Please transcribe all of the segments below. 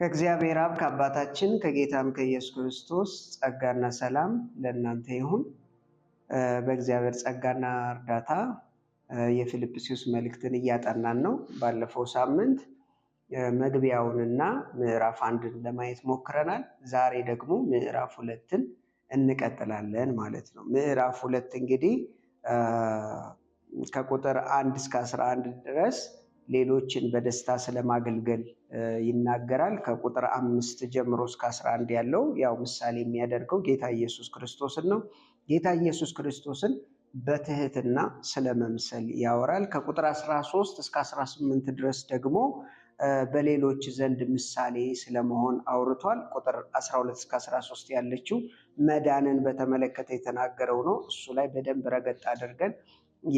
ከእግዚአብሔር አብ ከአባታችን ከጌታም ከኢየሱስ ክርስቶስ ጸጋና ሰላም ለእናንተ ይሁን። በእግዚአብሔር ጸጋና እርዳታ የፊልጵስዩስ መልእክትን እያጠናን ነው። ባለፈው ሳምንት መግቢያውንና ምዕራፍ አንድን ለማየት ሞክረናል። ዛሬ ደግሞ ምዕራፍ ሁለትን እንቀጥላለን ማለት ነው። ምዕራፍ ሁለት እንግዲህ ከቁጥር አንድ እስከ አስራ አንድ ድረስ ሌሎችን በደስታ ስለማገልገል ይናገራል። ከቁጥር አምስት ጀምሮ እስከ አስራ አንድ ያለው ያው ምሳሌ የሚያደርገው ጌታ ኢየሱስ ክርስቶስን ነው። ጌታ ኢየሱስ ክርስቶስን በትህትና ስለመምሰል ያወራል። ከቁጥር አስራ ሶስት እስከ አስራ ስምንት ድረስ ደግሞ በሌሎች ዘንድ ምሳሌ ስለመሆን አውርቷል። ቁጥር 12 እስከ 13 ያለችው መዳንን በተመለከተ የተናገረው ነው። እሱ ላይ በደንብ ረገጥ አድርገን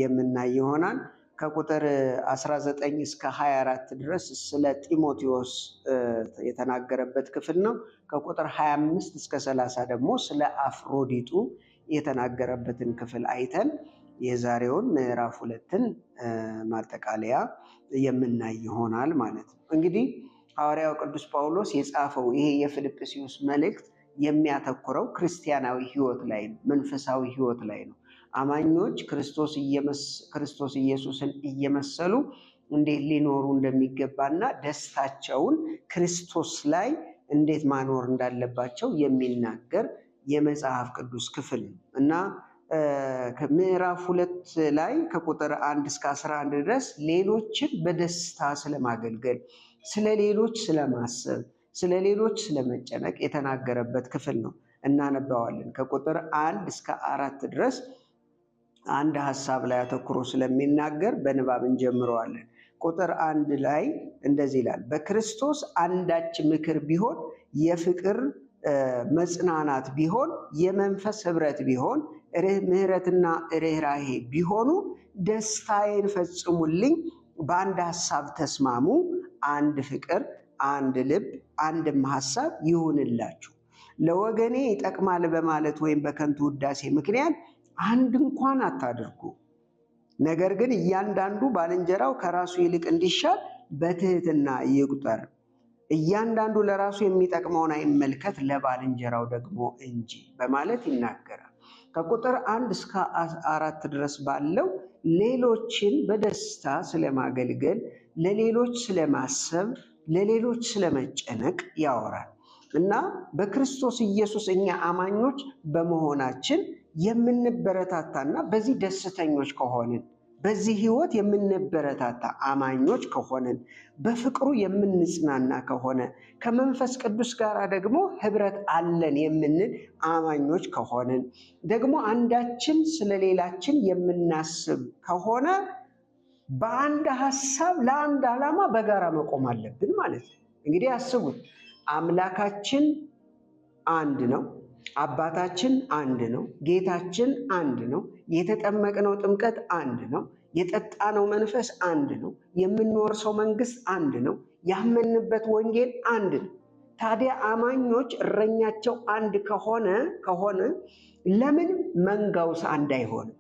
የምናይ ይሆናል። ከቁጥር 19 እስከ 24 ድረስ ስለ ጢሞቴዎስ የተናገረበት ክፍል ነው። ከቁጥር 25 እስከ 30 ደግሞ ስለ አፍሮዲጡ የተናገረበትን ክፍል አይተን የዛሬውን ምዕራፍ ሁለትን ማጠቃለያ የምናይ ይሆናል ማለት ነው። እንግዲህ ሐዋርያው ቅዱስ ጳውሎስ የጻፈው ይሄ የፊልጵስዩስ መልእክት የሚያተኩረው ክርስቲያናዊ ሕይወት ላይ ነው፣ መንፈሳዊ ሕይወት ላይ ነው። አማኞች ክርስቶስ ኢየሱስን እየመሰሉ እንዴት ሊኖሩ እንደሚገባና ደስታቸውን ክርስቶስ ላይ እንዴት ማኖር እንዳለባቸው የሚናገር የመጽሐፍ ቅዱስ ክፍል ነው እና ምዕራፍ ሁለት ላይ ከቁጥር አንድ እስከ አስራ አንድ ድረስ ሌሎችን በደስታ ስለማገልገል፣ ስለ ሌሎች ስለማሰብ፣ ስለ ሌሎች ስለመጨነቅ የተናገረበት ክፍል ነው። እናነባዋለን ከቁጥር አንድ እስከ አራት ድረስ አንድ ሀሳብ ላይ አተኩሮ ስለሚናገር በንባብ እንጀምረዋለን። ቁጥር አንድ ላይ እንደዚህ ይላል፣ በክርስቶስ አንዳች ምክር ቢሆን የፍቅር መጽናናት ቢሆን የመንፈስ ህብረት ቢሆን ምሕረትና ርኅራሄ ቢሆኑ ደስታዬን ፈጽሙልኝ። በአንድ ሀሳብ ተስማሙ፣ አንድ ፍቅር፣ አንድ ልብ፣ አንድም ሀሳብ ይሁንላችሁ። ለወገኔ ይጠቅማል በማለት ወይም በከንቱ ውዳሴ ምክንያት አንድ እንኳን አታድርጉ፣ ነገር ግን እያንዳንዱ ባልንጀራው ከራሱ ይልቅ እንዲሻል በትህትና ይቁጠር። እያንዳንዱ ለራሱ የሚጠቅመውን አይመልከት፣ ለባልንጀራው ደግሞ እንጂ በማለት ይናገራል። ከቁጥር አንድ እስከ አራት ድረስ ባለው ሌሎችን በደስታ ስለማገልገል፣ ለሌሎች ስለማሰብ፣ ለሌሎች ስለመጨነቅ ያወራል እና በክርስቶስ ኢየሱስ እኛ አማኞች በመሆናችን የምንበረታታና በዚህ ደስተኞች ከሆንን በዚህ ህይወት የምንበረታታ አማኞች ከሆንን በፍቅሩ የምንጽናና ከሆነ ከመንፈስ ቅዱስ ጋር ደግሞ ህብረት አለን የምንል አማኞች ከሆንን ደግሞ አንዳችን ስለሌላችን የምናስብ ከሆነ በአንድ ሀሳብ ለአንድ ዓላማ በጋራ መቆም አለብን ማለት ነው። እንግዲህ አስቡት፣ አምላካችን አንድ ነው። አባታችን አንድ ነው። ጌታችን አንድ ነው። የተጠመቅነው ጥምቀት አንድ ነው። የጠጣነው መንፈስ አንድ ነው። የምንወርሰው መንግስት አንድ ነው። ያመንበት ወንጌል አንድ ነው። ታዲያ አማኞች እረኛቸው አንድ ከሆነ ከሆነ ለምን መንጋውስ አንድ አይሆንም?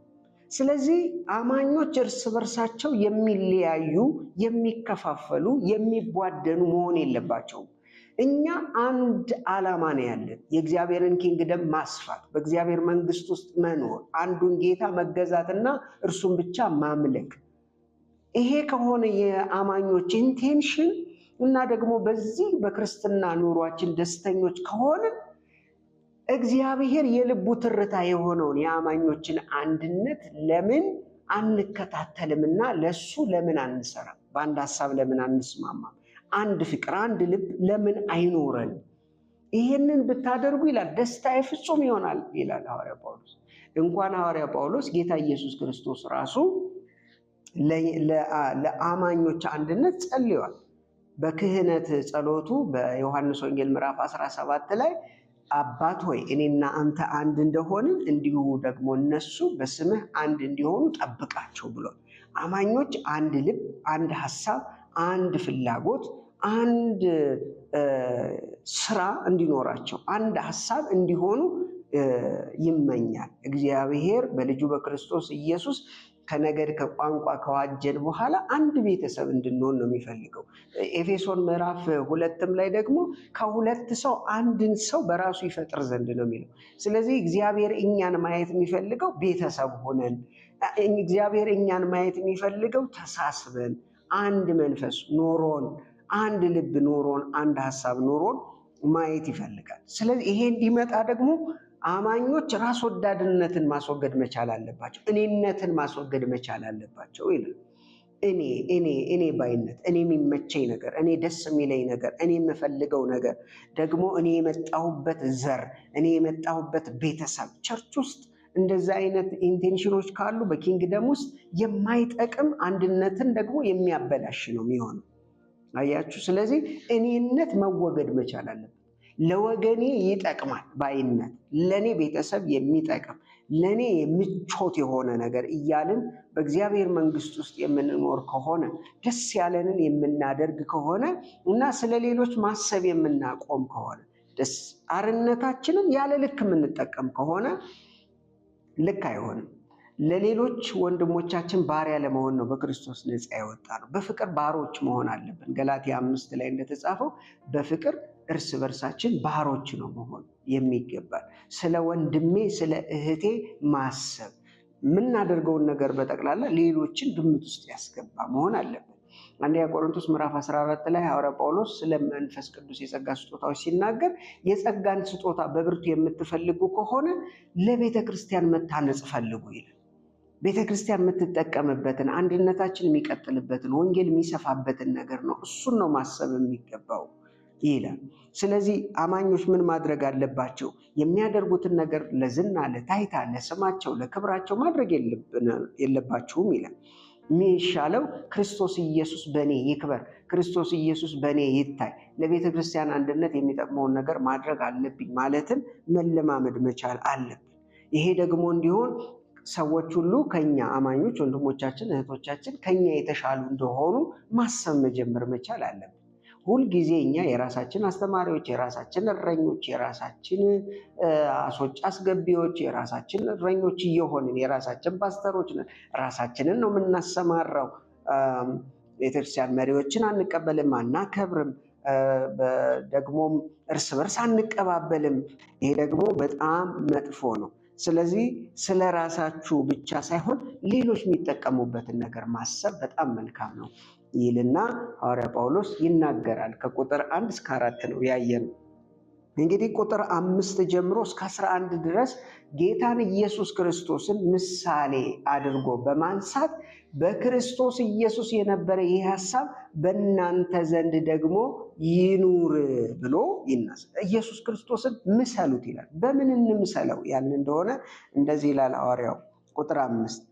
ስለዚህ አማኞች እርስ በርሳቸው የሚለያዩ፣ የሚከፋፈሉ፣ የሚቧደኑ መሆን የለባቸውም። እኛ አንድ ዓላማ ነው ያለን፣ የእግዚአብሔርን ኪንግደም ማስፋት፣ በእግዚአብሔር መንግስት ውስጥ መኖር፣ አንዱን ጌታ መገዛትና እርሱን ብቻ ማምለክ። ይሄ ከሆነ የአማኞች ኢንቴንሽን እና ደግሞ በዚህ በክርስትና ኑሯችን ደስተኞች ከሆነ እግዚአብሔር የልቡ ትርታ የሆነውን የአማኞችን አንድነት ለምን አንከታተልምና ለሱ ለምን አንሰራም? በአንድ ሀሳብ ለምን አንስማማም? አንድ ፍቅር፣ አንድ ልብ ለምን አይኖረን? ይሄንን ብታደርጉ ይላል ደስታዬ ፍጹም ይሆናል ይላል ሐዋርያ ጳውሎስ። እንኳን ሐዋርያ ጳውሎስ ጌታ ኢየሱስ ክርስቶስ ራሱ ለአማኞች አንድነት ጸልዋል። በክህነት ጸሎቱ በዮሐንስ ወንጌል ምዕራፍ 17 ላይ አባት ሆይ እኔና አንተ አንድ እንደሆንን እንዲሁ ደግሞ እነሱ በስምህ አንድ እንዲሆኑ ጠብቃቸው ብሏል። አማኞች አንድ ልብ፣ አንድ ሀሳብ አንድ ፍላጎት፣ አንድ ስራ እንዲኖራቸው፣ አንድ ሀሳብ እንዲሆኑ ይመኛል። እግዚአብሔር በልጁ በክርስቶስ ኢየሱስ ከነገድ ከቋንቋ ከዋጀን በኋላ አንድ ቤተሰብ እንድንሆን ነው የሚፈልገው። ኤፌሶን ምዕራፍ ሁለትም ላይ ደግሞ ከሁለት ሰው አንድን ሰው በራሱ ይፈጥር ዘንድ ነው የሚለው። ስለዚህ እግዚአብሔር እኛን ማየት የሚፈልገው ቤተሰብ ሆነን፣ እግዚአብሔር እኛን ማየት የሚፈልገው ተሳስበን አንድ መንፈስ ኖሮን አንድ ልብ ኖሮን አንድ ሀሳብ ኖሮን ማየት ይፈልጋል። ስለዚህ ይሄ እንዲመጣ ደግሞ አማኞች ራስ ወዳድነትን ማስወገድ መቻል አለባቸው። እኔነትን ማስወገድ መቻል አለባቸው ይላል። እኔ እኔ እኔ ባይነት፣ እኔ የሚመቸኝ ነገር፣ እኔ ደስ የሚለኝ ነገር፣ እኔ የምፈልገው ነገር ደግሞ እኔ የመጣሁበት ዘር፣ እኔ የመጣሁበት ቤተሰብ ቸርች ውስጥ እንደዚህ አይነት ኢንቴንሽኖች ካሉ በኪንግደም ውስጥ የማይጠቅም አንድነትን ደግሞ የሚያበላሽ ነው የሚሆነው። አያችሁ፣ ስለዚህ እኔነት መወገድ መቻል አለበት። ለወገኔ ይጠቅማል ባይነት፣ ለእኔ ቤተሰብ የሚጠቅም ለእኔ ምቾት የሆነ ነገር እያልን በእግዚአብሔር መንግስት ውስጥ የምንኖር ከሆነ ደስ ያለንን የምናደርግ ከሆነ እና ስለ ሌሎች ማሰብ የምናቆም ከሆነ ደስ አርነታችንን ያለ ልክ የምንጠቀም ከሆነ ልክ አይሆንም። ለሌሎች ወንድሞቻችን ባሪያ ለመሆን ነው በክርስቶስ ነፃ የወጣ ነው። በፍቅር ባሮች መሆን አለብን። ገላትያ አምስት ላይ እንደተጻፈው በፍቅር እርስ በርሳችን ባሮች ነው መሆን የሚገባል። ስለ ወንድሜ ስለ እህቴ ማሰብ የምናደርገውን ነገር በጠቅላላ ሌሎችን ግምት ውስጥ ያስገባ መሆን አለብን። አንደኛ ቆሮንቶስ ምዕራፍ 14 ላይ ሐዋርያ ጳውሎስ ስለ መንፈስ ቅዱስ የጸጋ ስጦታዎች ሲናገር የጸጋን ስጦታ በብርቱ የምትፈልጉ ከሆነ ለቤተ ክርስቲያን መታነጽ ፈልጉ ይላል። ቤተ ክርስቲያን የምትጠቀምበትን አንድነታችን የሚቀጥልበትን ወንጌል የሚሰፋበትን ነገር ነው። እሱን ነው ማሰብ የሚገባው ይላል። ስለዚህ አማኞች ምን ማድረግ አለባቸው? የሚያደርጉትን ነገር ለዝና፣ ለታይታ፣ ለስማቸው፣ ለክብራቸው ማድረግ የለባቸውም ይላል። የሚሻለው ክርስቶስ ኢየሱስ በእኔ ይክበር፣ ክርስቶስ ኢየሱስ በእኔ ይታይ፣ ለቤተ ክርስቲያን አንድነት የሚጠቅመውን ነገር ማድረግ አለብኝ ማለትን መለማመድ መቻል አለብን። ይሄ ደግሞ እንዲሆን ሰዎች ሁሉ ከኛ አማኞች ወንድሞቻችን እህቶቻችን ከኛ የተሻሉ እንደሆኑ ማሰብ መጀመር መቻል አለብን። ሁልጊዜ እኛ የራሳችን አስተማሪዎች፣ የራሳችን እረኞች፣ የራሳችን አሶች አስገቢዎች፣ የራሳችን እረኞች እየሆንን የራሳችን ፓስተሮች ነን። ራሳችንን ነው የምናሰማራው። ቤተክርስቲያን መሪዎችን አንቀበልም፣ አናከብርም፣ ደግሞም እርስ በርስ አንቀባበልም። ይሄ ደግሞ በጣም መጥፎ ነው። ስለዚህ ስለ ራሳችሁ ብቻ ሳይሆን ሌሎች የሚጠቀሙበትን ነገር ማሰብ በጣም መልካም ነው። ይልና ሐዋርያ ጳውሎስ ይናገራል። ከቁጥር አንድ እስከ አራት ነው ያየነው። እንግዲህ ቁጥር አምስት ጀምሮ እስከ አስራ አንድ ድረስ ጌታን ኢየሱስ ክርስቶስን ምሳሌ አድርጎ በማንሳት በክርስቶስ ኢየሱስ የነበረ ይህ ሀሳብ በእናንተ ዘንድ ደግሞ ይኑር ብሎ ይናስ ኢየሱስ ክርስቶስን ምሰሉት ይላል። በምን እንምሰለው ያን እንደሆነ እንደዚህ ይላል ሐዋርያው ቁጥር አምስት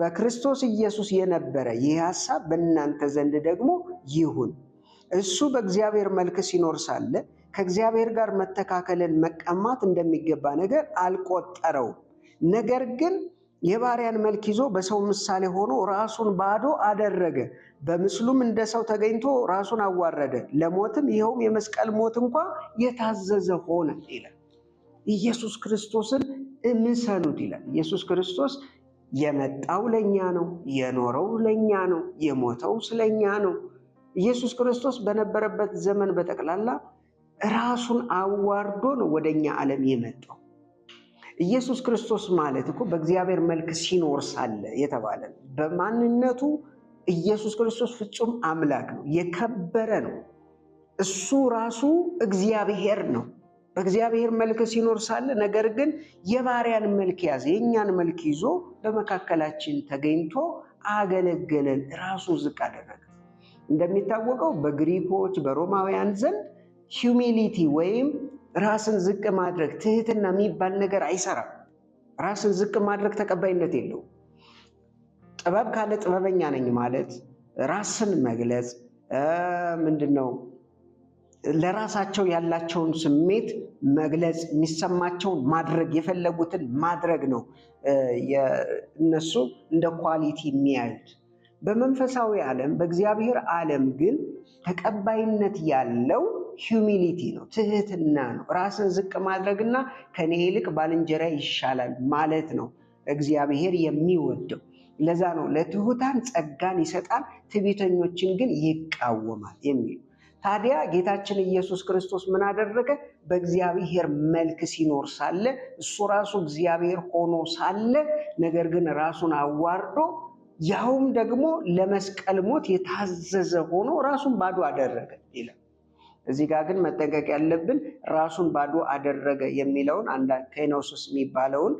በክርስቶስ ኢየሱስ የነበረ ይህ ሀሳብ በእናንተ ዘንድ ደግሞ ይሁን። እሱ በእግዚአብሔር መልክ ሲኖር ሳለ ከእግዚአብሔር ጋር መተካከልን መቀማት እንደሚገባ ነገር አልቆጠረውም። ነገር ግን የባሪያን መልክ ይዞ በሰው ምሳሌ ሆኖ ራሱን ባዶ አደረገ። በምስሉም እንደ ሰው ተገኝቶ ራሱን አዋረደ፣ ለሞትም ይኸውም የመስቀል ሞት እንኳ የታዘዘ ሆነ ይላል። ኢየሱስ ክርስቶስን እምሰሉት ይላል። ኢየሱስ ክርስቶስ የመጣው ለእኛ ነው። የኖረው ለእኛ ነው። የሞተው ስለኛ ነው። ኢየሱስ ክርስቶስ በነበረበት ዘመን በጠቅላላ ራሱን አዋርዶ ነው ወደ እኛ ዓለም የመጣው። ኢየሱስ ክርስቶስ ማለት እኮ በእግዚአብሔር መልክ ሲኖር ሳለ የተባለ ነው። በማንነቱ ኢየሱስ ክርስቶስ ፍጹም አምላክ ነው፣ የከበረ ነው። እሱ ራሱ እግዚአብሔር ነው። በእግዚአብሔር መልክ ሲኖር ሳለ ነገር ግን የባሪያን መልክ ያዘ፣ የእኛን መልክ ይዞ በመካከላችን ተገኝቶ አገለገለን፣ ራሱ ዝቅ አደረገ። እንደሚታወቀው በግሪኮች በሮማውያን ዘንድ ሂዩሚሊቲ ወይም ራስን ዝቅ ማድረግ ትህትና የሚባል ነገር አይሰራም። ራስን ዝቅ ማድረግ ተቀባይነት የለውም። ጥበብ ካለ ጥበበኛ ነኝ ማለት ራስን መግለጽ ምንድን ነው ለራሳቸው ያላቸውን ስሜት መግለጽ የሚሰማቸውን ማድረግ የፈለጉትን ማድረግ ነው እነሱ እንደ ኳሊቲ የሚያዩት። በመንፈሳዊ ዓለም በእግዚአብሔር ዓለም ግን ተቀባይነት ያለው ሂዩሚሊቲ ነው፣ ትህትና ነው። ራስን ዝቅ ማድረግና ከኔ ይልቅ ባልንጀራ ይሻላል ማለት ነው እግዚአብሔር የሚወደው። ለዛ ነው ለትሁታን ጸጋን ይሰጣል፣ ትዕቢተኞችን ግን ይቃወማል የሚል ታዲያ ጌታችን ኢየሱስ ክርስቶስ ምን አደረገ? በእግዚአብሔር መልክ ሲኖር ሳለ እሱ ራሱ እግዚአብሔር ሆኖ ሳለ ነገር ግን ራሱን አዋርዶ ያውም ደግሞ ለመስቀል ሞት የታዘዘ ሆኖ ራሱን ባዶ አደረገ ይላል። እዚህ ጋር ግን መጠንቀቅ ያለብን ራሱን ባዶ አደረገ የሚለውን ከኖሶስ የሚባለውን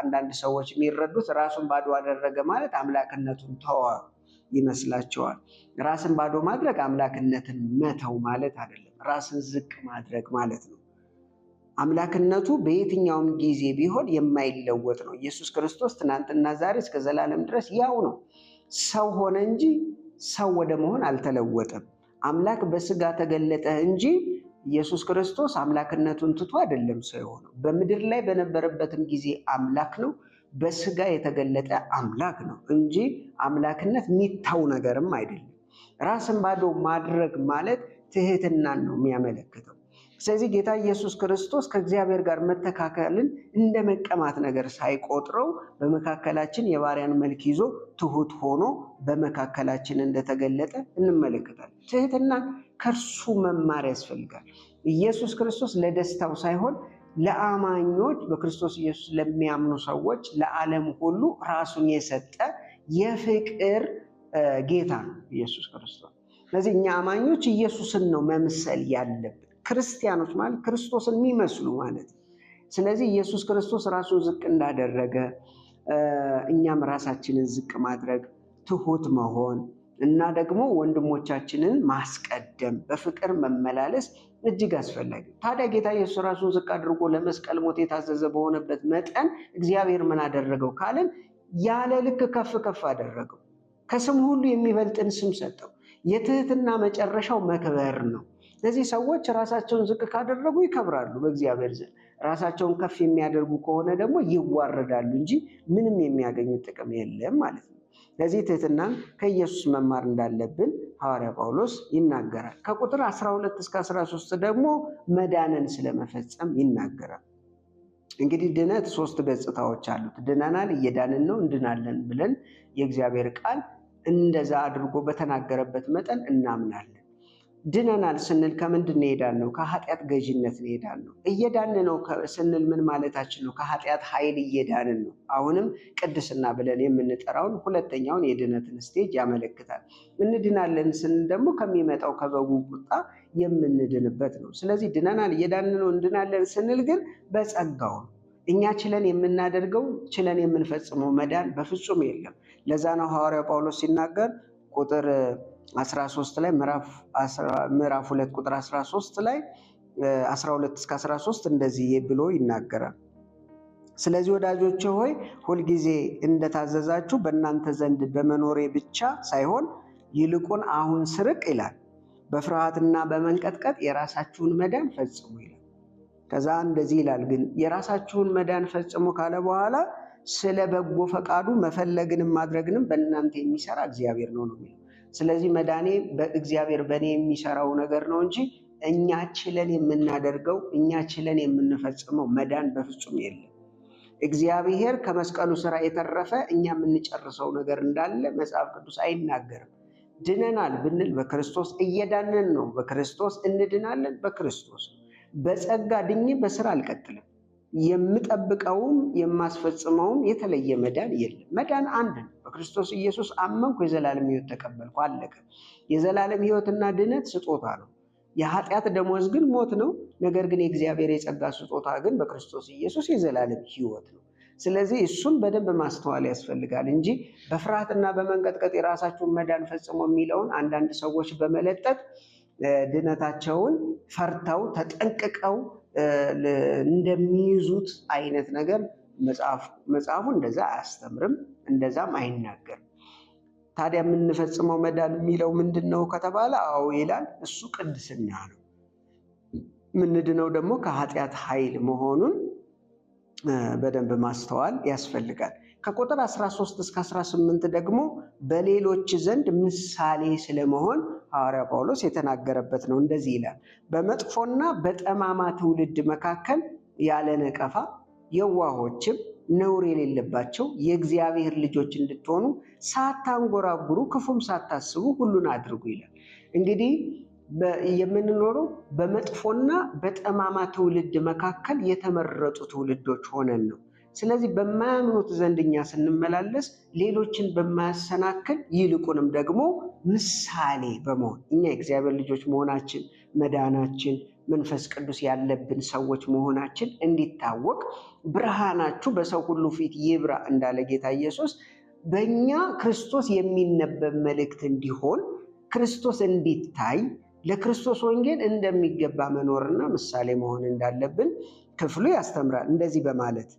አንዳንድ ሰዎች የሚረዱት ራሱን ባዶ አደረገ ማለት አምላክነቱን ተዋ ይመስላቸዋል። ራስን ባዶ ማድረግ አምላክነትን መተው ማለት አይደለም፣ ራስን ዝቅ ማድረግ ማለት ነው። አምላክነቱ በየትኛውም ጊዜ ቢሆን የማይለወጥ ነው። ኢየሱስ ክርስቶስ ትናንትና፣ ዛሬ እስከ ዘላለም ድረስ ያው ነው። ሰው ሆነ እንጂ ሰው ወደ መሆን አልተለወጠም። አምላክ በስጋ ተገለጠ እንጂ ኢየሱስ ክርስቶስ አምላክነቱን ትቶ አይደለም ሰው የሆነው። በምድር ላይ በነበረበትም ጊዜ አምላክ ነው። በስጋ የተገለጠ አምላክ ነው እንጂ አምላክነት የሚታው ነገርም አይደለም። ራስን ባዶ ማድረግ ማለት ትህትናን ነው የሚያመለክተው። ስለዚህ ጌታ ኢየሱስ ክርስቶስ ከእግዚአብሔር ጋር መተካከልን እንደ መቀማት ነገር ሳይቆጥረው በመካከላችን የባሪያን መልክ ይዞ ትሁት ሆኖ በመካከላችን እንደተገለጠ እንመለከታለን። ትህትናን ከእርሱ መማር ያስፈልጋል። ኢየሱስ ክርስቶስ ለደስታው ሳይሆን ለአማኞች በክርስቶስ ኢየሱስ ለሚያምኑ ሰዎች ለዓለም ሁሉ ራሱን የሰጠ የፍቅር ጌታ ነው ኢየሱስ ክርስቶስ። ስለዚህ እኛ አማኞች ኢየሱስን ነው መምሰል ያለብን። ክርስቲያኖች ማለት ክርስቶስን የሚመስሉ ማለት ነው። ስለዚህ ኢየሱስ ክርስቶስ ራሱን ዝቅ እንዳደረገ እኛም ራሳችንን ዝቅ ማድረግ፣ ትሁት መሆን እና ደግሞ ወንድሞቻችንን ማስቀደም፣ በፍቅር መመላለስ እጅግ አስፈላጊ። ታዲያ ጌታ ኢየሱስ ራሱን ዝቅ አድርጎ ለመስቀል ሞት የታዘዘ በሆነበት መጠን እግዚአብሔር ምን አደረገው ካልን ያለ ልክ ከፍ ከፍ አደረገው። ከስም ሁሉ የሚበልጥን ስም ሰጠው። የትህትና መጨረሻው መክበር ነው። ስለዚህ ሰዎች ራሳቸውን ዝቅ ካደረጉ ይከብራሉ በእግዚአብሔር ዘንድ፣ ራሳቸውን ከፍ የሚያደርጉ ከሆነ ደግሞ ይዋረዳሉ እንጂ ምንም የሚያገኙት ጥቅም የለም ማለት ነው። ለዚህ ትህትና ከኢየሱስ መማር እንዳለብን ሐዋርያ ጳውሎስ ይናገራል። ከቁጥር 12 እስከ 13 ደግሞ መዳንን ስለመፈጸም ይናገራል። እንግዲህ ድነት ሶስት ገጽታዎች አሉት። ድነናል፣ እየዳንን ነው፣ እንድናለን ብለን የእግዚአብሔር ቃል እንደዛ አድርጎ በተናገረበት መጠን እናምናለን። ድነናል ስንል ከምንድን ሄዳን ነው? ከኃጢአት ገዥነት ሄዳን ነው። እየዳን ነው ስንል ምን ማለታችን ነው? ከኃጢአት ኃይል እየዳንን ነው። አሁንም ቅድስና ብለን የምንጠራውን ሁለተኛውን የድነትን ስቴጅ ያመለክታል። እንድናለን ስንል ደግሞ ከሚመጣው ከበጉ ቁጣ የምንድንበት ነው። ስለዚህ ድነናል፣ እየዳን ነው። እንድናለን ስንል ግን በጸጋው እኛ ችለን የምናደርገው ችለን የምንፈጽመው መዳን በፍጹም የለም። ለዛ ነው ሐዋርያው ጳውሎስ ሲናገር ቁጥር 13 ላይ ምዕራፍ 2 ቁጥር 13 ላይ 12 እስከ 13 እንደዚህ ብሎ ይናገራል። ስለዚህ ወዳጆች ሆይ ሁልጊዜ እንደታዘዛችሁ በእናንተ ዘንድ በመኖሬ ብቻ ሳይሆን ይልቁን አሁን ስርቅ ይላል፣ በፍርሃትና በመንቀጥቀጥ የራሳችሁን መዳን ፈጽሙ ይላል። ከዛ እንደዚህ ይላል ግን የራሳችሁን መዳን ፈጽሙ ካለ በኋላ ስለ በጎ ፈቃዱ መፈለግንም ማድረግንም በእናንተ የሚሰራ እግዚአብሔር ነው ነው ስለዚህ መዳኔ በእግዚአብሔር በእኔ የሚሰራው ነገር ነው እንጂ እኛ ችለን የምናደርገው እኛ ችለን የምንፈጽመው መዳን በፍጹም የለም። እግዚአብሔር ከመስቀሉ ስራ የተረፈ እኛ የምንጨርሰው ነገር እንዳለ መጽሐፍ ቅዱስ አይናገርም። ድነናል ብንል በክርስቶስ እየዳንን ነው። በክርስቶስ እንድናለን። በክርስቶስ በጸጋ ድኜ በስራ አልቀጥልም። የምጠብቀውም የማስፈጽመውም የተለየ መዳን የለም። መዳን አንድ ነው። በክርስቶስ ኢየሱስ አመንኩ፣ የዘላለም ሕይወት ተቀበልኩ፣ አለቀ። የዘላለም ሕይወትና ድነት ስጦታ ነው። የኃጢአት ደሞዝ ግን ሞት ነው። ነገር ግን የእግዚአብሔር የጸጋ ስጦታ ግን በክርስቶስ ኢየሱስ የዘላለም ሕይወት ነው። ስለዚህ እሱን በደንብ ማስተዋል ያስፈልጋል እንጂ በፍርሃትና በመንቀጥቀጥ የራሳችሁን መዳን ፈጽሞ የሚለውን አንዳንድ ሰዎች በመለጠጥ ድነታቸውን ፈርተው ተጠንቅቀው እንደሚይዙት አይነት ነገር መጽሐፉ እንደዛ አያስተምርም፣ እንደዛም አይናገርም። ታዲያ የምንፈጽመው መዳን የሚለው ምንድን ነው ከተባለ፣ አዎ ይላል እሱ ቅድስና ነው። ምንድነው ደግሞ ከኃጢአት ኃይል መሆኑን በደንብ ማስተዋል ያስፈልጋል። ከቁጥር 13 እስከ 18 ደግሞ በሌሎች ዘንድ ምሳሌ ስለመሆን ሐዋርያ ጳውሎስ የተናገረበት ነው። እንደዚህ ይላል፣ በመጥፎና በጠማማ ትውልድ መካከል ያለ ነቀፋ የዋሆችም ነውር የሌለባቸው የእግዚአብሔር ልጆች እንድትሆኑ ሳታንጎራጉሩ ክፉም ሳታስቡ ሁሉን አድርጉ ይላል። እንግዲህ የምንኖረው በመጥፎና በጠማማ ትውልድ መካከል የተመረጡ ትውልዶች ሆነን ነው። ስለዚህ በማያምኑት ዘንድ እኛ ስንመላለስ ሌሎችን በማያሰናክል ይልቁንም ደግሞ ምሳሌ በመሆን እኛ የእግዚአብሔር ልጆች መሆናችን መዳናችን መንፈስ ቅዱስ ያለብን ሰዎች መሆናችን እንዲታወቅ ብርሃናችሁ በሰው ሁሉ ፊት ይብራ እንዳለ ጌታ ኢየሱስ በእኛ ክርስቶስ የሚነበብ መልእክት እንዲሆን ክርስቶስ እንዲታይ ለክርስቶስ ወንጌል እንደሚገባ መኖርና ምሳሌ መሆን እንዳለብን ክፍሉ ያስተምራል እንደዚህ በማለት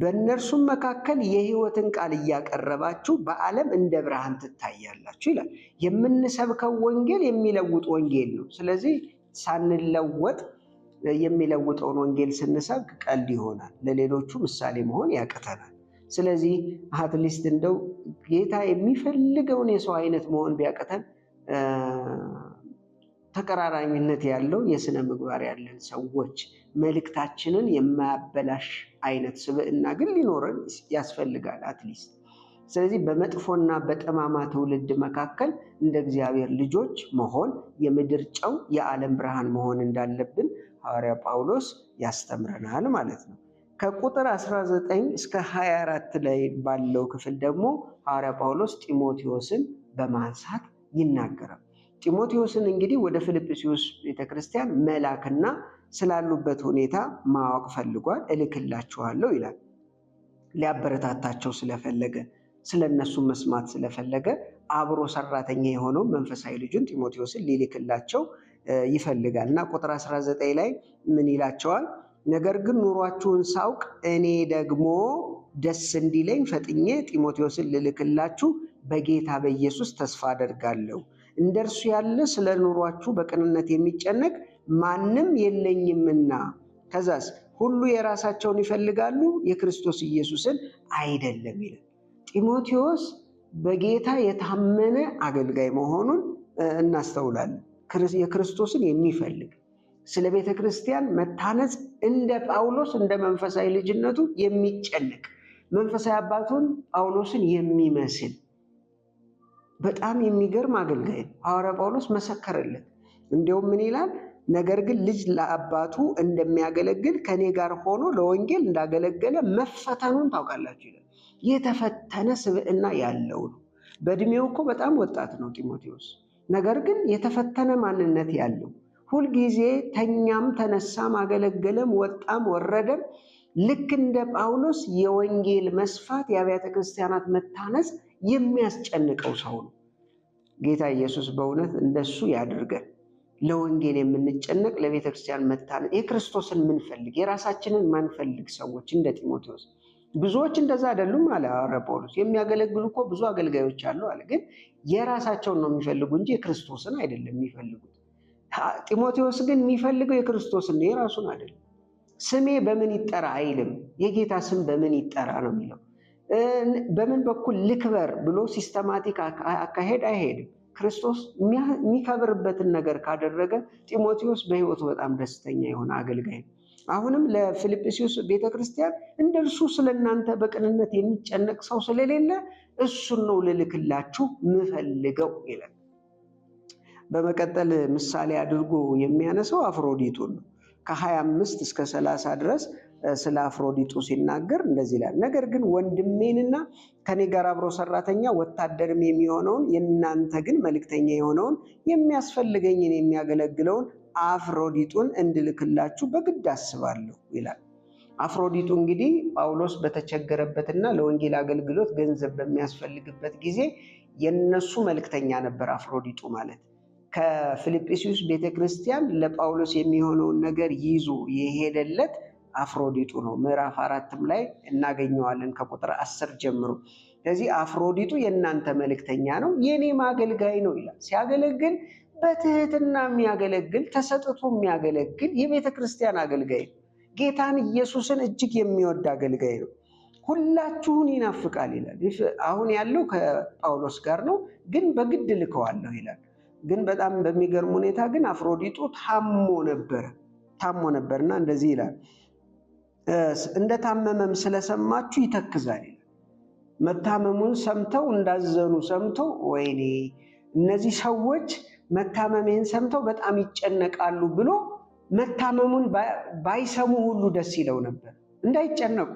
በእነርሱም መካከል የህይወትን ቃል እያቀረባችሁ በዓለም እንደ ብርሃን ትታያላችሁ ይላል። የምንሰብከው ወንጌል የሚለውጥ ወንጌል ነው። ስለዚህ ሳንለወጥ የሚለውጠውን ወንጌል ስንሰብክ ቀልድ ይሆናል፣ ለሌሎቹ ምሳሌ መሆን ያቅተናል። ስለዚህ አትሊስት እንደው ጌታ የሚፈልገውን የሰው አይነት መሆን ቢያቅተን ተቀራራቢነት ያለው የስነ ምግባር ያለን ሰዎች መልእክታችንን የማያበላሽ አይነት ስብዕና ግን ሊኖረን ያስፈልጋል አትሊስት። ስለዚህ በመጥፎና በጠማማ ትውልድ መካከል እንደ እግዚአብሔር ልጆች መሆን የምድር ጨው የዓለም ብርሃን መሆን እንዳለብን ሐዋርያ ጳውሎስ ያስተምረናል ማለት ነው። ከቁጥር 19 እስከ 24 ላይ ባለው ክፍል ደግሞ ሐዋርያ ጳውሎስ ጢሞቴዎስን በማንሳት ይናገራል። ጢሞቴዎስን እንግዲህ ወደ ፊልጵስዩስ ቤተክርስቲያን መላክና ስላሉበት ሁኔታ ማወቅ ፈልጓል። እልክላችኋለሁ ይላል። ሊያበረታታቸው ስለፈለገ ስለነሱ መስማት ስለፈለገ አብሮ ሰራተኛ የሆነው መንፈሳዊ ልጁን ጢሞቴዎስን ሊልክላቸው ይፈልጋል እና ቁጥር 19 ላይ ምን ይላቸዋል? ነገር ግን ኑሯችሁን ሳውቅ እኔ ደግሞ ደስ እንዲለኝ ፈጥኜ ጢሞቴዎስን ልልክላችሁ በጌታ በኢየሱስ ተስፋ አደርጋለሁ። እንደርሱ ያለ ስለ ኑሯችሁ በቅንነት የሚጨነቅ ማንም የለኝምና። ከዛስ ሁሉ የራሳቸውን ይፈልጋሉ፣ የክርስቶስ ኢየሱስን አይደለም ይላል። ጢሞቴዎስ በጌታ የታመነ አገልጋይ መሆኑን እናስተውላለን። የክርስቶስን የሚፈልግ ስለ ቤተ ክርስቲያን መታነጽ እንደ ጳውሎስ እንደ መንፈሳዊ ልጅነቱ የሚጨነቅ መንፈሳዊ አባቱን ጳውሎስን የሚመስል በጣም የሚገርም አገልጋይ ነው። ሐዋርያ ጳውሎስ መሰከረለት። እንዲሁም ምን ይላል? ነገር ግን ልጅ ለአባቱ እንደሚያገለግል ከእኔ ጋር ሆኖ ለወንጌል እንዳገለገለ መፈተኑን ታውቃላችሁ ይላል። የተፈተነ ስብዕና ያለው ነው። በእድሜው እኮ በጣም ወጣት ነው ጢሞቴዎስ። ነገር ግን የተፈተነ ማንነት ያለው ሁልጊዜ ተኛም፣ ተነሳም፣ አገለገለም፣ ወጣም፣ ወረደም ልክ እንደ ጳውሎስ የወንጌል መስፋት የአብያተ ክርስቲያናት መታነጽ የሚያስጨንቀው ሰው ነው። ጌታ ኢየሱስ በእውነት እንደሱ ያድርገን። ለወንጌል የምንጨነቅ ለቤተ ክርስቲያን መታነጽ የክርስቶስን ምንፈልግ የራሳችንን ማንፈልግ ሰዎች እንደ ጢሞቴዎስ ብዙዎች እንደዛ አይደሉም አለ አረ ጳውሎስ። የሚያገለግሉ እኮ ብዙ አገልጋዮች አሉ አለ። ግን የራሳቸውን ነው የሚፈልጉ እንጂ የክርስቶስን አይደለም የሚፈልጉት። ጢሞቴዎስ ግን የሚፈልገው የክርስቶስን የራሱን አይደለም። ስሜ በምን ይጠራ አይልም። የጌታ ስም በምን ይጠራ ነው የሚለው። በምን በኩል ልክበር ብሎ ሲስተማቲክ አካሄድ አይሄድም። ክርስቶስ የሚከብርበትን ነገር ካደረገ ጢሞቴዎስ በሕይወቱ በጣም ደስተኛ የሆነ አገልጋይ ነው። አሁንም ለፊልጵስዩስ ቤተክርስቲያን እንደ እርሱ ስለ እናንተ በቅንነት የሚጨነቅ ሰው ስለሌለ እሱን ነው ልልክላችሁ ምፈልገው ይላል። በመቀጠል ምሳሌ አድርጎ የሚያነሳው አፍሮዲቱን ነው። ከ25 እስከ 30 ድረስ ስለ አፍሮዲጡ ሲናገር እንደዚህ ይላል። ነገር ግን ወንድሜንና ከኔ ጋር አብሮ ሰራተኛ ወታደርም የሚሆነውን የእናንተ ግን መልክተኛ የሆነውን የሚያስፈልገኝን የሚያገለግለውን አፍሮዲጡን እንድልክላችሁ በግድ አስባለሁ ይላል። አፍሮዲጡ እንግዲህ ጳውሎስ በተቸገረበትና ለወንጌል አገልግሎት ገንዘብ በሚያስፈልግበት ጊዜ የነሱ መልክተኛ ነበር አፍሮዲጡ ማለት ከፊልጵስዩስ ቤተ ክርስቲያን ለጳውሎስ የሚሆነውን ነገር ይዞ የሄደለት አፍሮዲጡ ነው። ምዕራፍ አራትም ላይ እናገኘዋለን ከቁጥር አስር ጀምሮ። ስለዚህ አፍሮዲጡ የእናንተ መልእክተኛ ነው፣ የኔም አገልጋይ ነው ይላል። ሲያገለግል በትህትና የሚያገለግል ተሰጥቶ የሚያገለግል የቤተ ክርስቲያን አገልጋይ ነው። ጌታን ኢየሱስን እጅግ የሚወድ አገልጋይ ነው። ሁላችሁን ይናፍቃል ይላል። አሁን ያለው ከጳውሎስ ጋር ነው፣ ግን በግድ ልከዋለሁ ይላል። ግን በጣም በሚገርም ሁኔታ ግን አፍሮዲጡ ታሞ ነበረ ታሞ ነበርና እንደዚህ ይላል፣ እንደታመመም ስለሰማችሁ ይተክዛል ይላል። መታመሙን ሰምተው እንዳዘኑ ሰምተው ወይኔ እነዚህ ሰዎች መታመሜን ሰምተው በጣም ይጨነቃሉ ብሎ መታመሙን ባይሰሙ ሁሉ ደስ ይለው ነበር፣ እንዳይጨነቁ።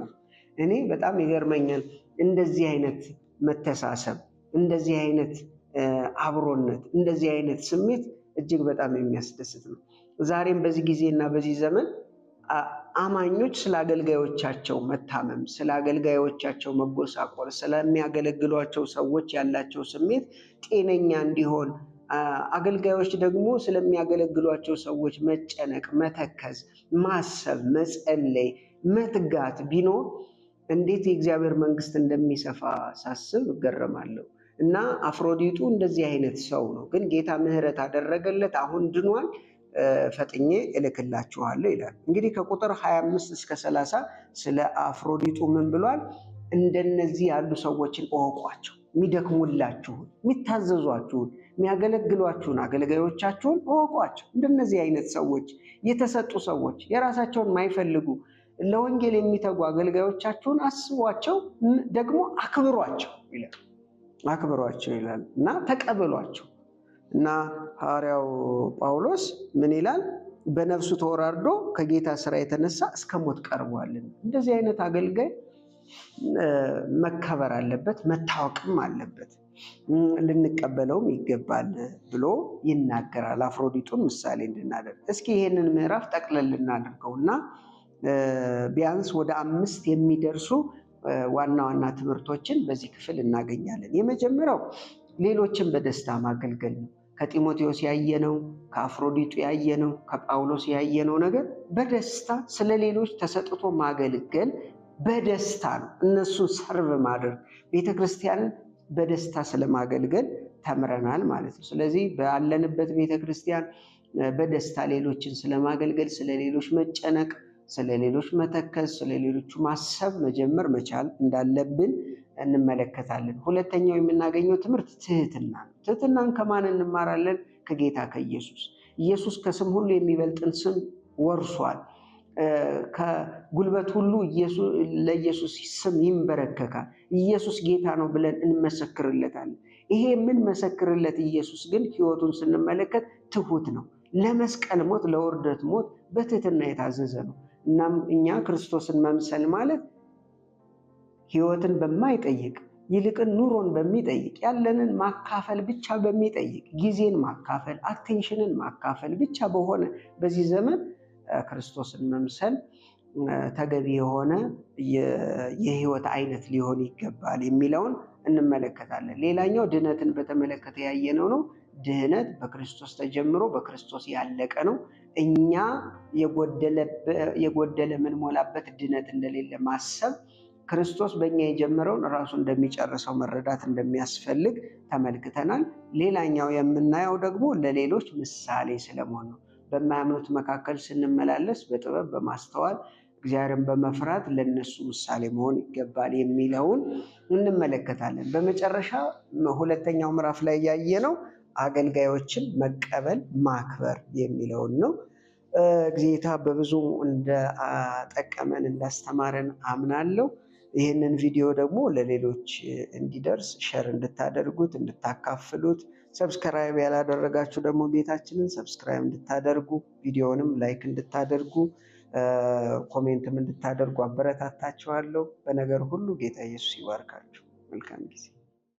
እኔ በጣም ይገርመኛል እንደዚህ አይነት መተሳሰብ እንደዚህ አይነት አብሮነት፣ እንደዚህ አይነት ስሜት እጅግ በጣም የሚያስደስት ነው። ዛሬም በዚህ ጊዜና በዚህ ዘመን አማኞች ስለ አገልጋዮቻቸው መታመም፣ ስለ አገልጋዮቻቸው መጎሳቆል፣ ስለሚያገለግሏቸው ሰዎች ያላቸው ስሜት ጤነኛ እንዲሆን አገልጋዮች ደግሞ ስለሚያገለግሏቸው ሰዎች መጨነቅ፣ መተከዝ፣ ማሰብ፣ መጸለይ፣ መትጋት ቢኖር እንዴት የእግዚአብሔር መንግስት እንደሚሰፋ ሳስብ እገረማለሁ። እና አፍሮዲጡ እንደዚህ አይነት ሰው ነው። ግን ጌታ ምሕረት አደረገለት፣ አሁን ድኗል፣ ፈጥኜ እልክላችኋለሁ ይላል። እንግዲህ ከቁጥር 25 እስከ 30 ስለ አፍሮዲጡ ምን ብሏል? እንደነዚህ ያሉ ሰዎችን እወቋቸው፣ የሚደክሙላችሁን፣ የሚታዘዟችሁን፣ የሚያገለግሏችሁን አገልጋዮቻችሁን እወቋቸው። እንደነዚህ አይነት ሰዎች የተሰጡ ሰዎች የራሳቸውን ማይፈልጉ ለወንጌል የሚተጉ አገልጋዮቻችሁን አስቧቸው፣ ደግሞ አክብሯቸው ይላል። አክብሯቸው ይላል እና ተቀበሏቸው እና ሐዋርያው ጳውሎስ ምን ይላል? በነፍሱ ተወራርዶ ከጌታ ስራ የተነሳ እስከ ሞት ቀርቧልን። እንደዚህ አይነት አገልጋይ መከበር አለበት፣ መታወቅም አለበት፣ ልንቀበለውም ይገባል ብሎ ይናገራል። አፍሮዲጡን ምሳሌ እንድናደርግ እስኪ ይህንን ምዕራፍ ጠቅለል ልናደርገው እና ቢያንስ ወደ አምስት የሚደርሱ ዋና ዋና ትምህርቶችን በዚህ ክፍል እናገኛለን። የመጀመሪያው ሌሎችን በደስታ ማገልገል ነው። ከጢሞቴዎስ ያየነው፣ ከአፍሮዲጡ ያየነው፣ ከጳውሎስ ያየነው ነገር በደስታ ስለ ሌሎች ተሰጥቶ ማገልገል በደስታ ነው። እነሱን ሰርቭ ማድረግ ቤተክርስቲያንን በደስታ ስለማገልገል ተምረናል ማለት ነው። ስለዚህ ባለንበት ቤተክርስቲያን በደስታ ሌሎችን ስለማገልገል፣ ስለሌሎች መጨነቅ ስለ ሌሎች መተከዝ፣ ስለ ሌሎቹ ማሰብ መጀመር መቻል እንዳለብን እንመለከታለን። ሁለተኛው የምናገኘው ትምህርት ትህትና ነው። ትህትናን ከማን እንማራለን? ከጌታ ከኢየሱስ። ኢየሱስ ከስም ሁሉ የሚበልጥን ስም ወርሷል። ከጉልበት ሁሉ ለኢየሱስ ስም ይንበረከካል። ኢየሱስ ጌታ ነው ብለን እንመሰክርለታለን። ይሄ የምንመሰክርለት ኢየሱስ ግን ሕይወቱን ስንመለከት ትሁት ነው። ለመስቀል ሞት፣ ለውርደት ሞት በትህትና የታዘዘ ነው። እናም እኛ ክርስቶስን መምሰል ማለት ህይወትን በማይጠይቅ ይልቅን ኑሮን በሚጠይቅ ያለንን ማካፈል ብቻ በሚጠይቅ ጊዜን ማካፈል አቴንሽንን ማካፈል ብቻ በሆነ በዚህ ዘመን ክርስቶስን መምሰል ተገቢ የሆነ የህይወት አይነት ሊሆን ይገባል የሚለውን እንመለከታለን። ሌላኛው ድህነትን በተመለከተ ያየነው ነው። ድህነት በክርስቶስ ተጀምሮ በክርስቶስ ያለቀ ነው። እኛ የጎደለ የምንሞላበት ድነት እንደሌለ ማሰብ ክርስቶስ በእኛ የጀመረውን ራሱ እንደሚጨርሰው መረዳት እንደሚያስፈልግ ተመልክተናል። ሌላኛው የምናየው ደግሞ ለሌሎች ምሳሌ ስለመሆን ነው። በማያምኑት መካከል ስንመላለስ በጥበብ በማስተዋል እግዚአብሔርን በመፍራት ለነሱ ምሳሌ መሆን ይገባል የሚለውን እንመለከታለን። በመጨረሻ ሁለተኛው ምዕራፍ ላይ ያየ ነው አገልጋዮችን መቀበል ማክበር የሚለውን ነው። ጌታ በብዙ እንደጠቀመን እንዳስተማረን አምናለሁ። ይህንን ቪዲዮ ደግሞ ለሌሎች እንዲደርስ ሸር እንድታደርጉት እንድታካፍሉት፣ ሰብስክራይብ ያላደረጋችሁ ደግሞ ቤታችንን ሰብስክራይብ እንድታደርጉ፣ ቪዲዮንም ላይክ እንድታደርጉ፣ ኮሜንትም እንድታደርጉ አበረታታችኋለሁ። በነገር ሁሉ ጌታ ኢየሱስ ይባርካችሁ። መልካም ጊዜ